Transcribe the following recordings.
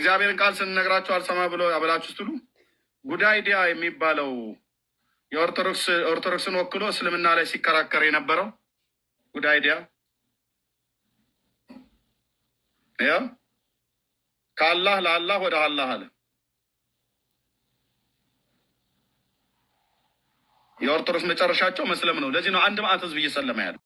እግዚአብሔርን ቃል ስንነግራቸው አልሰማ ብሎ አበላችሁ ስትሉ ጉዳይ ዲያ የሚባለው የኦርቶዶክስ ኦርቶዶክስን ወክሎ እስልምና ላይ ሲከራከር የነበረው ጉዳይ ዲያ ያ ከአላህ ለአላህ ወደ አላህ አለ። የኦርቶዶክስ መጨረሻቸው መስለም ነው። ለዚህ ነው አንድ ማዕት ህዝብ እየሰለመ ያለው።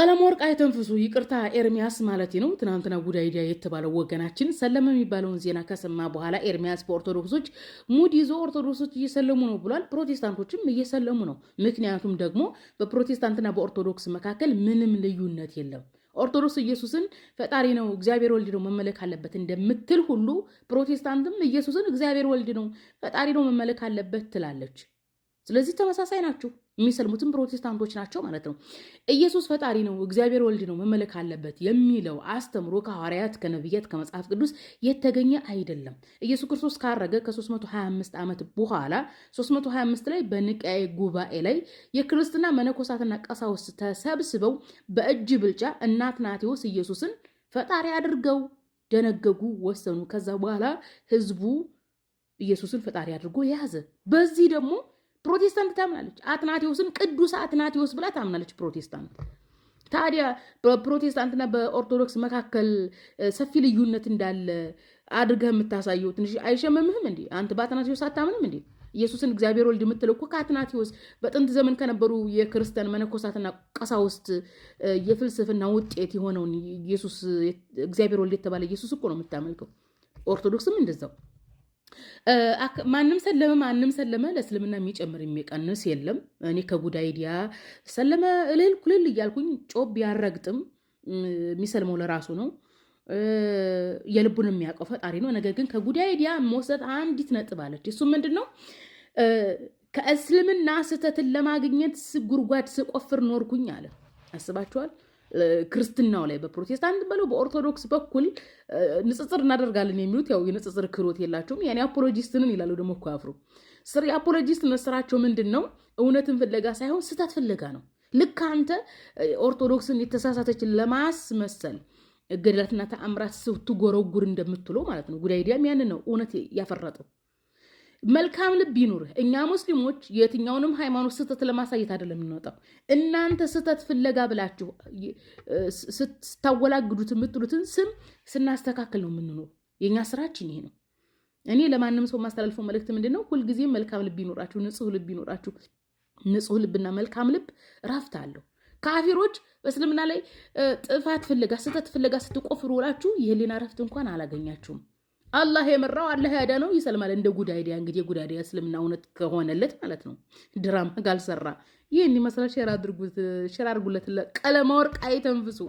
ወርቅ አይተንፍሱ ይቅርታ ኤርሚያስ ማለት ነው። ትናንትና ጉዳይዲያ የተባለው ወገናችን ሰለመ የሚባለውን ዜና ከሰማ በኋላ ኤርሚያስ በኦርቶዶክሶች ሙድ ይዞ ኦርቶዶክሶች እየሰለሙ ነው ብሏል። ፕሮቴስታንቶችም እየሰለሙ ነው። ምክንያቱም ደግሞ በፕሮቴስታንትና በኦርቶዶክስ መካከል ምንም ልዩነት የለም። ኦርቶዶክስ ኢየሱስን ፈጣሪ ነው፣ እግዚአብሔር ወልድ ነው መመለክ አለበት እንደምትል ሁሉ ፕሮቴስታንትም ኢየሱስን እግዚአብሔር ወልድ ነው፣ ፈጣሪ ነው መመለክ አለበት ትላለች። ስለዚህ ተመሳሳይ ናቸው። የሚሰልሙትም ፕሮቴስታንቶች ናቸው ማለት ነው። ኢየሱስ ፈጣሪ ነው፣ እግዚአብሔር ወልድ ነው፣ መመለክ አለበት የሚለው አስተምሮ ከሐዋርያት ከነቢያት፣ ከመጽሐፍ ቅዱስ የተገኘ አይደለም። ኢየሱስ ክርስቶስ ካረገ ከ325 ዓመት በኋላ 325 ላይ በኒቅያ ጉባኤ ላይ የክርስትና መነኮሳትና ቀሳውስት ተሰብስበው በእጅ ብልጫ እናትናቴዎስ ኢየሱስን ፈጣሪ አድርገው ደነገጉ፣ ወሰኑ። ከዛ በኋላ ህዝቡ ኢየሱስን ፈጣሪ አድርጎ ያዘ። በዚህ ደግሞ ፕሮቴስታንት ታምናለች። አትናቴዎስን ቅዱስ አትናቴዎስ ብላ ታምናለች ፕሮቴስታንት። ታዲያ በፕሮቴስታንትና በኦርቶዶክስ መካከል ሰፊ ልዩነት እንዳለ አድርገህ የምታሳየው ትንሽ አይሸመምህም እንዴ? አንተ በአትናቴዎስ አታምንም እንዴ? ኢየሱስን እግዚአብሔር ወልድ የምትለው እኮ ከአትናቴዎስ በጥንት ዘመን ከነበሩ የክርስቲያን መነኮሳትና ቀሳውስት የፍልስፍና ውጤት የሆነውን ኢየሱስ እግዚአብሔር ወልድ የተባለ ኢየሱስ እኮ ነው የምታመልከው። ኦርቶዶክስም እንደዛው ማንም ሰለመ ማንም ሰለመ ለእስልምና የሚጨምር የሚቀንስ የለም። እኔ ከጉዳይ ዲያ ሰለመ እልል ኩልል እያልኩኝ ጮብ ያረግጥም የሚሰልመው ለራሱ ነው። የልቡን የሚያውቀው ፈጣሪ ነው። ነገር ግን ከጉዳይ ዲያ መውሰድ አንዲት ነጥብ አለች። እሱ ምንድን ነው? ከእስልምና ስህተትን ለማግኘት ጉድጓድ ስቆፍር ኖርኩኝ አለ። አስባችኋል? ክርስትናው ላይ በፕሮቴስታንት በለው በኦርቶዶክስ በኩል ንጽጽር እናደርጋለን የሚሉት ያው የንጽጽር ክህሎት የላቸውም። ያኔ አፖሎጂስትንን ይላሉ። ደግሞ እኮ አፍሩ ስር የአፖሎጂስት ስራቸው ምንድን ነው? እውነትን ፍለጋ ሳይሆን ስህተት ፍለጋ ነው። ልክ አንተ ኦርቶዶክስን የተሳሳተች ለማስመሰል ገድላትና ተአምራት ስትጎረጉር እንደምትለው ማለት ነው። ጉዳይ ዲያም ያንን ነው እውነት ያፈረጠው መልካም ልብ ይኑርህ። እኛ ሙስሊሞች የትኛውንም ሃይማኖት ስህተት ለማሳየት አይደለም የምንወጣው። እናንተ ስህተት ፍለጋ ብላችሁ ስታወላግዱት የምትሉትን ስም ስናስተካክል ነው የምንኖር። የእኛ ስራችን ይሄ ነው። እኔ ለማንም ሰው ማስተላልፈው መልእክት ምንድን ነው? ሁልጊዜም መልካም ልብ ይኖራችሁ፣ ንጹህ ልብ ይኖራችሁ። ንጹህ ልብና መልካም ልብ እረፍት አለው። ካፊሮች በእስልምና ላይ ጥፋት ፍለጋ ስህተት ፍለጋ ስትቆፍሩ ውላችሁ የህሊና እረፍት እንኳን አላገኛችሁም። አላህ የመራው አላህ ያዳ ነው ይሰልማል። እንደ ጉድ አይዲያ እንግዲህ የጉድ አይዲያ እስልምና እውነት ከሆነለት ማለት ነው። ድራማ ካልሰራ ይህን ይመስላል። ሼር አድርጉት፣ ሼር አድርጉለት። ቀለማወርቅ አይተንፍሱ